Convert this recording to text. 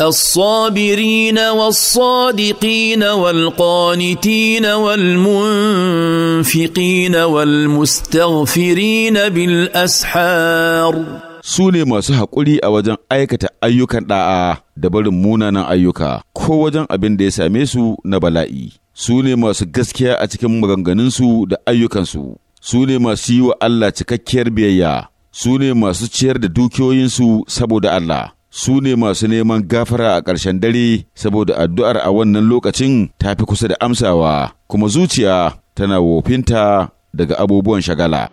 الصابرين والصادقين والقانتين والمنفقين والمستغفرين بالأسحار su ne masu haƙuri a wajen aikata ayyukan ɗa'a da barin munanan ayyuka ko wajen abin da ya same su na bala'i su ne masu gaskiya a cikin maganganunsu da ayyukansu su ne masu yi wa Allah cikakkiyar biyayya su ne masu ciyar da dukiyoyinsu saboda Allah su ne masu neman gafara a ƙarshen dare saboda addu'ar a wannan lokacin ta fi kusa da amsawa kuma zuciya tana wofinta daga abubuwan shagala.